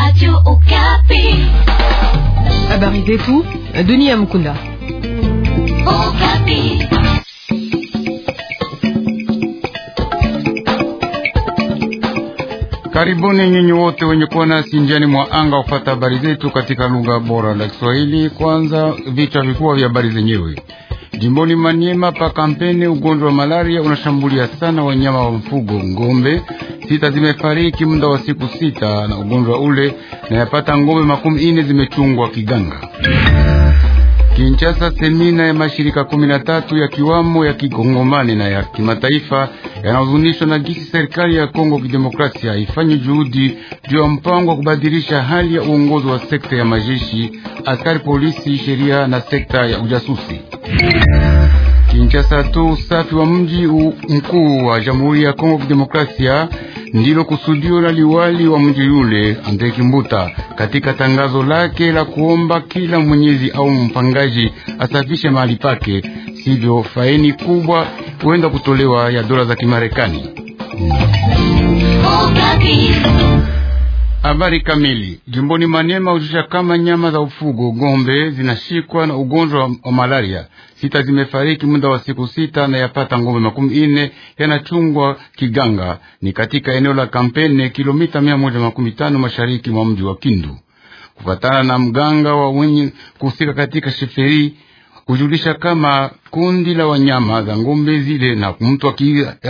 Radio Okapi. Habari ah zetu, Denis Amkunda. Okapi. Karibuni nyinyi wote wenye kuwa nasi njiani mwa anga kufata habari zetu katika lugha bora la Kiswahili. Kwanza vichwa vikubwa vya habari zenyewe. Jimboni Maniema pa kampeni, ugonjwa wa malaria unashambulia sana wanyama wa mfugo ng'ombe sita zimefariki muda wa siku sita na ugonjwa ule, na yapata ngombe makumi ine zimechungwa kiganga. Kinshasa, semina ya mashirika kumi na tatu ya kiwamo ya kikongomani na ya kimataifa yanahuzunishwa na gisi serikali ya Kongo Kidemokrasia ifanye juhudi juu ya mpango wa kubadilisha hali ya uongozi wa sekta ya majeshi, askari polisi, sheria na sekta ya ujasusi. Kinshasa tu, usafi wa mji mkuu wa Jamhuri ya Kongo Kidemokrasia ndilo kusudio la liwali wa mji yule Andre Kimbuta katika tangazo lake la kuomba kila mwenyezi au mpangaji asafishe mahali pake, sivyo faini kubwa huenda kutolewa ya dola za Kimarekani. Oh, Habari kamili. Jimboni manema hujusha kama nyama za ufugo ng'ombe zinashikwa na ugonjwa wa malaria. Sita zimefariki muda wa siku sita na yapata ng'ombe makumi ine yanachungwa kiganga. Ni katika eneo la kampene kilomita mia moja makumi tano mashariki mwa mji wa Kindu. Kufatana na mganga wa wenye kuhusika katika sheferi kujulisha kama kundi la wanyama za ngombe zile na mtu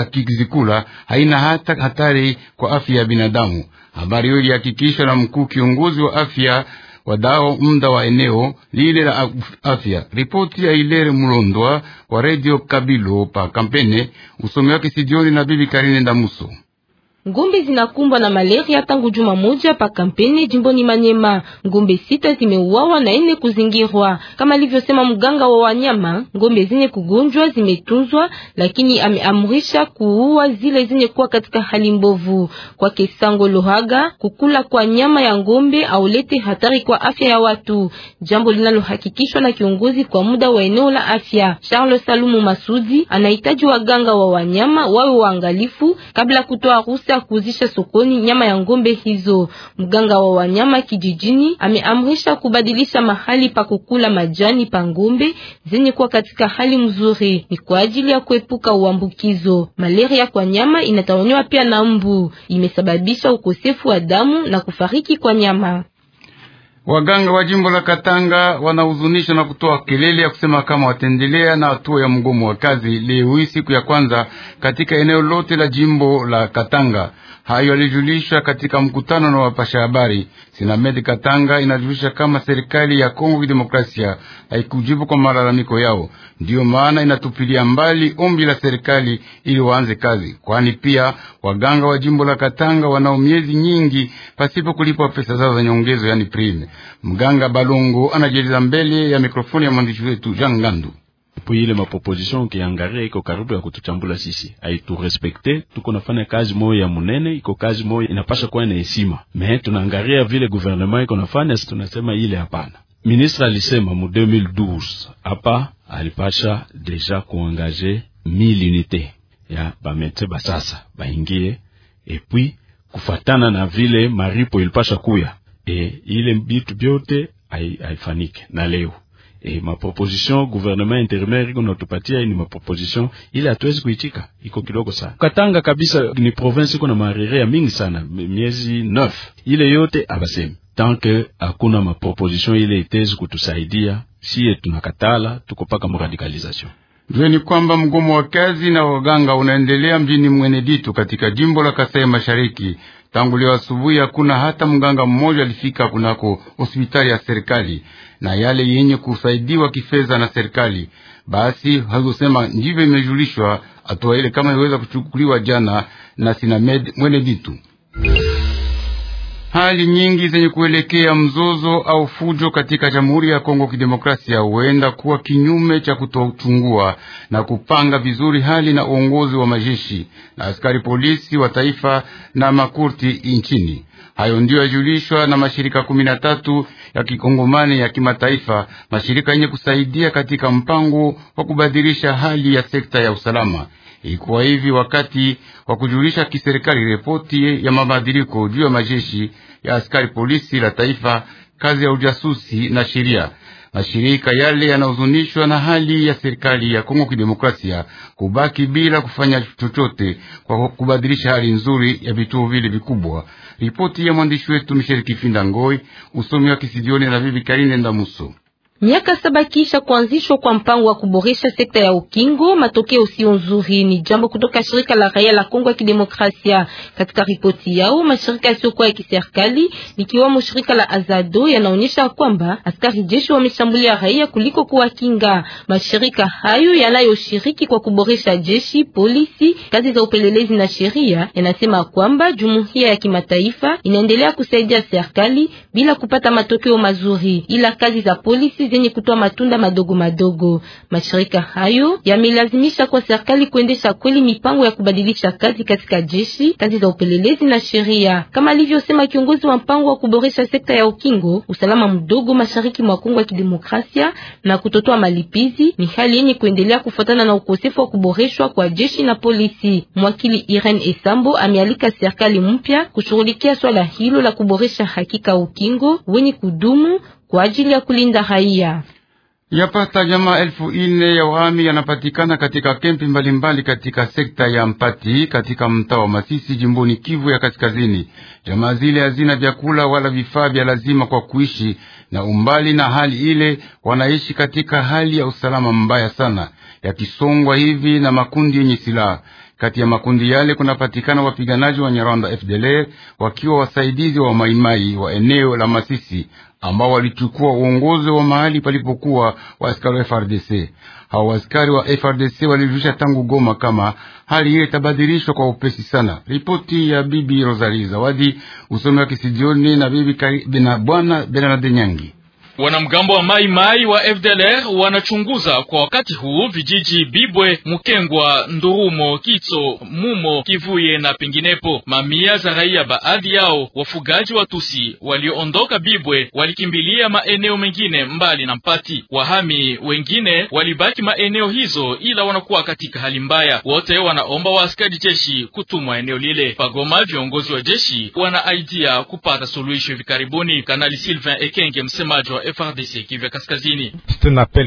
akizikula haina hata hatari kwa afya ya binadamu. Habari hiyo ilihakikishwa na mkuu kiongozi wa afya wa dao mda wa eneo lile la afya. Ripoti ya Ilere Mulondwa wa Radio Kabilo pa Kampene, usomi wake sijioni na bibi Karine Ndamuso. Ngombe zinakumbwa na malaria tangu juma moja pa kampeni jimboni Manyema. Ngombe sita zimeuawa na ine kuzingirwa. Kama alivyosema mganga wa wanyama, ngombe zenye kugonjwa zimetunzwa, lakini ameamrisha kuua zile zenye kuwa katika hali mbovu. Kwa Kesango Lohaga, kukula kwa nyama ya ngombe aulete hatari kwa afya ya watu, jambo linalohakikishwa na kiongozi kwa muda wa eneo la afya Charles Salumu Masudi. Anahitaji waganga wa wanyama wawe waangalifu kabla kutoa ruhusa kuuzisha sokoni nyama ya ngombe hizo. Mganga wa wanyama kijijini ameamrisha kubadilisha mahali pa kukula majani pa ngombe zenye kuwa katika hali mzuri, ni kwa ajili ya kuepuka uambukizo. Malaria kwa nyama inatawanywa pia na mbu, imesababisha ukosefu wa damu na kufariki kwa nyama. Waganga wa jimbo la Katanga wanahuzunisha na kutoa kelele ya kusema kama watendelea na hatua ya mgomo wa kazi leo hii siku ya kwanza katika eneo lote la jimbo la Katanga. Hayo alijulisha katika mkutano na wapasha habari. Sinamed Katanga inajulisha kama serikali ya Kongo Kidemokrasia haikujibu kwa malalamiko yao. Ndiyo maana inatupilia mbali ombi la serikali ili waanze kazi, kwani pia waganga wa jimbo la Katanga wanao miezi nyingi pasipo kulipwa pesa zao za nyongezo, yani prime. Mganga balungu anajeliza mbele ya mikrofoni ya mwandishi wetu Jean Ngandu. Po ile maproposition iko karibu ya kutuchambula sisi, aiturespekte tuko nafanya kazi moyo ya munene, iko kazi moyo inapasha kuwa na heshima. Me tunaangaria vile guvernema iko nafanya, tunasema ile hapana Ministre alisema mu 2012 hapa alipasha deja kuangaje 1000 unite ya bamete basasa baingie, epui kufatana na vile maripo ilipasha kuya e, ile bitu byote haifanike na leo E, maproposition gouvernement intérimaire iko natupatia ni maproposition ile hatuwezi kuitika, iko kidogo sana. Katanga kabisa ni province iko na marere ya mingi sana, miezi neuf ile yote abasemi tanke que hakuna maproposition ile itezi kutusaidia, siye tunakatala tukopaka muradikalization. Jueni kwamba mgomo wa kazi na waganga unaendelea mjini Mweneditu katika jimbo la Kasai Mashariki. Tangu leo asubuhi hakuna hata mganga mmoja alifika kunako hospitali ya serikali na yale yenye kusaidiwa kifedha na serikali. Basi hazosema ndivyo imejulishwa hatua ile kama iweza kuchukuliwa jana na Sinamed Mweneditu. Hali nyingi zenye kuelekea mzozo au fujo katika Jamhuri ya Kongo Kidemokrasia huenda kuwa kinyume cha kutochungua na kupanga vizuri hali na uongozi wa majeshi na askari polisi wa taifa na makurti nchini. Hayo ndiyo yajulishwa na mashirika kumi na tatu ya kikongomani ya kimataifa, mashirika yenye kusaidia katika mpango wa kubadilisha hali ya sekta ya usalama Ilikuwa hivi wakati wa kujulisha kiserikali ripoti ya mabadiliko juu ya majeshi ya askari polisi la taifa, kazi ya ujasusi na sheria. Mashirika yale yanahuzunishwa na hali ya serikali ya Kongo Kidemokrasia kubaki bila kufanya chochote kwa kubadilisha hali nzuri ya vituo vile vikubwa. Ripoti ya mwandishi wetu misheri Kifinda Ngoi, usomi wa Kisidioni na Bibi Karine Ndamuso. Miaka saba kisha kuanzishwa kwa mpango wa kuboresha sekta ya ukingo, matokeo sio nzuri. Ni jambo kutoka shirika la raia la Kongo ya Kidemokrasia. Katika ripoti yao, mashirika yasiyokuwa ya kiserikali likiwamo shirika la Azado yanaonyesha kwamba askari jeshi wameshambulia raia kuliko kuwakinga. Mashirika hayo yanayoshiriki kwa kuboresha jeshi, polisi, kazi za upelelezi na sheria yanasema kwamba jumuiya ya kimataifa inaendelea kusaidia serikali bila kupata matokeo mazuri, ila kazi za polisi zenye kutoa matunda madogo madogo. Mashirika hayo yamelazimisha kwa serikali kuendesha kweli mipango ya kubadilisha kazi katika jeshi, kazi za upelelezi na sheria, kama alivyosema kiongozi wa mpango wa kuboresha sekta ya ukingo, usalama mdogo mashariki mwa Kongo ya Kidemokrasia na kutotoa malipizi. Ni hali yenye kuendelea kufuatana na ukosefu wa kuboreshwa kwa jeshi na polisi. Mwakili Irene Esambo amealika serikali mpya kushughulikia swala hilo la kuboresha hakika ukingo wenye kudumu kwa ajili ya kulinda raia. Yapata jamaa elfu ine ya wahami yanapatikana katika kempi mbalimbali mbali katika sekta ya Mpati katika mtaa wa Masisi jimboni Kivu ya Kaskazini. Jamaa zile hazina vyakula wala vifaa vya lazima kwa kuishi, na umbali na hali ile wanaishi katika hali ya usalama mbaya sana, yakisongwa hivi na makundi yenye silaha. Kati ya makundi yale kunapatikana wapiganaji wa Nyarwanda FDLR wakiwa wasaidizi wa maimai wa eneo la Masisi ambao walichukua uongozi wa mahali palipokuwa wa askari wa FRDC. Hao askari wa FRDC walijulisha tangu Goma kama hali ile itabadilishwa kwa upesi sana. Ripoti ya Bibi Rosalie Zawadi, usomi wa Kisijioni na bibi na Bwana Bernard Nyangi. Wanamgambo wa Mai Mai wa FDLR wanachunguza kwa wakati huu vijiji Bibwe, Mukengwa, Ndurumo, Kitso, Mumo, Kivuye na penginepo. Mamia za raia, baadhi yao wafugaji wa tusi walioondoka Bibwe, walikimbilia maeneo mengine mbali na Mpati. Wahami wengine walibaki maeneo hizo, ila wanakuwa katika hali mbaya. Wote wanaomba waaskari jeshi kutumwa eneo lile. Pagoma, viongozi wa jeshi wana aidia kupata suluhisho hivi karibuni. Kanali Sylvain Ekenge, msemaji wa FRDC Kivu kaskazini.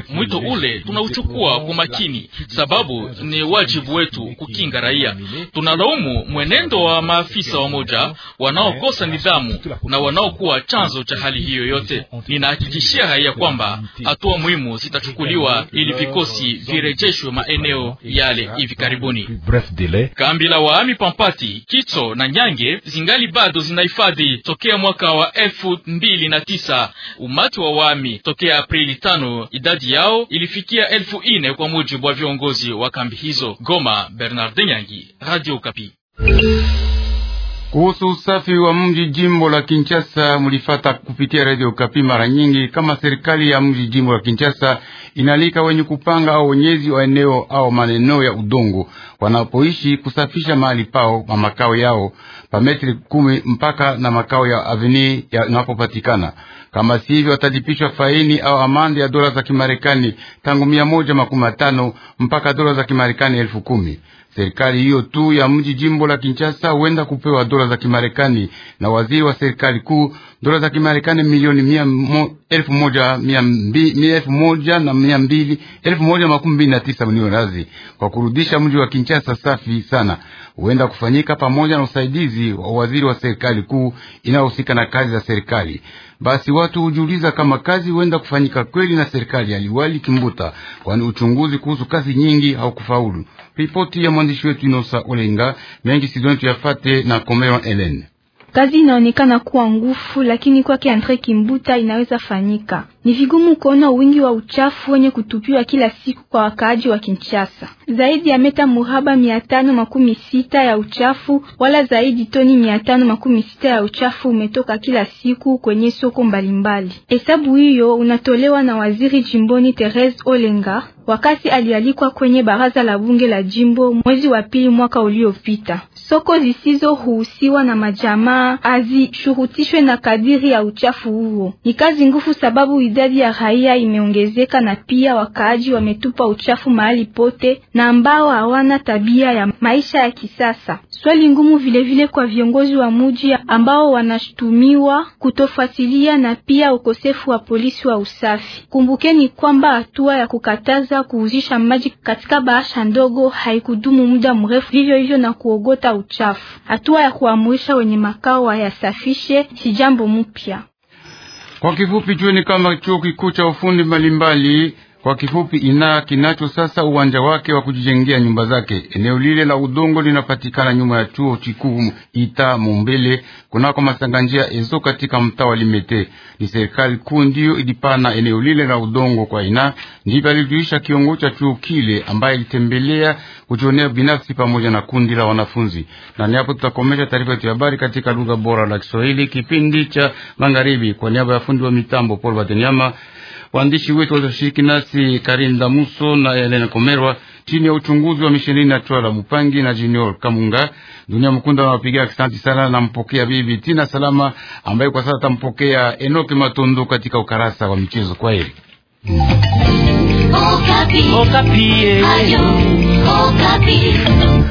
Mwito ule tunauchukua kwa makini, sababu ni wajibu wetu kukinga raia. Tunalaumu mwenendo wa maafisa wamoja wanaokosa nidhamu na wanaokuwa chanzo cha hali hiyo yote. Ninahakikishia raia kwamba hatua muhimu zitachukuliwa ili vikosi virejeshwe maeneo yale hivi karibuni. Kambi la waami Pampati, Kitso na Nyange zingali bado zinahifadhi tokea mwaka wa elfu mbili na tisa umati wa wami tokea Aprili tano. Idadi yao ilifikia elfu ine kwa mujibu wa viongozi wa kambi hizo. Goma, Bernard Nyangi, Radio Kapi. Kuhusu usafi wa mji jimbo la Kinshasa, mlifata kupitia Radio Kapi mara nyingi, kama serikali ya mji jimbo la Kinshasa inalika wenye kupanga au wenyezi wa eneo au maeneo ya udongo wanapoishi kusafisha mahali pao na makao yao pa metri kumi mpaka na makao ya aveni yanapopatikana. Kama sivyo, watalipishwa faini au amande ya dola za Kimarekani tangu mia moja makumi matano mpaka dola za Kimarekani elfu kumi. Serikali hiyo tu ya mji jimbo la Kinshasa huenda kupewa dola za Kimarekani na waziri wa serikali kuu dola za Kimarekani milioni elfu moja na mia mbili elfu moja makumi mbili na tisa milioni razi kwa kurudisha mji wa Kinshasa safi sana huenda kufanyika pamoja na usaidizi wa waziri wa serikali kuu inayohusika na kazi za serikali. Basi watu hujiuliza kama kazi huenda kufanyika kweli na serikali ya liwali Kimbuta, kwani uchunguzi kuhusu kazi nyingi haukufaulu. Ripoti ya mwandishi wetu Inosa Olenga mengi sizoni tuyafate na Komewa Elen. Kazi inaonekana kuwa ngufu, lakini kwake Andre Kimbuta inaweza fanyika ni vigumu kuona wingi wa uchafu wenye kutupiwa kila siku kwa wakaaji wa Kinshasa. Zaidi ya meta muraba mia tano makumi sita ya uchafu wala zaidi toni mia tano makumi sita ya uchafu umetoka kila siku kwenye soko mbalimbali. Hesabu hiyo unatolewa na waziri jimboni Therese Olenga wakati alialikwa kwenye baraza la bunge la jimbo mwezi wa pili mwaka uliopita. Soko zisizohusiwa na majamaa hazishurutishwe na kadiri ya uchafu huo. Ni kazi ngufu sababu idadi ya raia imeongezeka na pia wakaaji wametupa uchafu mahali pote na ambao hawana tabia ya maisha ya kisasa. Swali ngumu vilevile vile kwa viongozi wa muji ambao wanashutumiwa kutofuatilia na pia ukosefu wa polisi wa usafi. Kumbukeni kwamba hatua ya kukataza kuuzisha maji katika bahasha ndogo haikudumu muda mrefu, vivyo hivyo na kuogota uchafu. Hatua ya kuamurisha wenye makao wayasafishe si jambo mpya. Kwa kifupi, jueni kama chuo kikuu cha ufundi mbalimbali kwa kifupi, ina kinacho sasa uwanja wake wa kujijengea nyumba zake. Eneo lile la udongo linapatikana nyuma ya chuo kikuu ita Mumbele kunako masanganjia ezo katika mtaa wa Limete. Ni serikali kuu ndiyo ilipana eneo lile la udongo kwa ina, ndivyo alijulisha kiongozi cha chuo kile ambaye ilitembelea kujionea binafsi pamoja na kundi la wanafunzi. Na ni hapo tutakomesha taarifa yetu ya habari katika lugha bora la Kiswahili, kipindi cha magharibi. Kwa niaba ya fundi wa mitambo Paul Batenyama. Waandishi wetu walioshiriki nasi Karinda Muso na Elena Komerwa chini ya uchunguzi wa mishenini na Twala Mupangi na Junior Kamunga. Dunia Mkunda anawapigia asante sana, nampokea bibi Tina Salama ambaye kwa sasa atampokea Enoki matundu katika ukarasa wa michezo. Kwa heri Okapi. Okapi. Eh.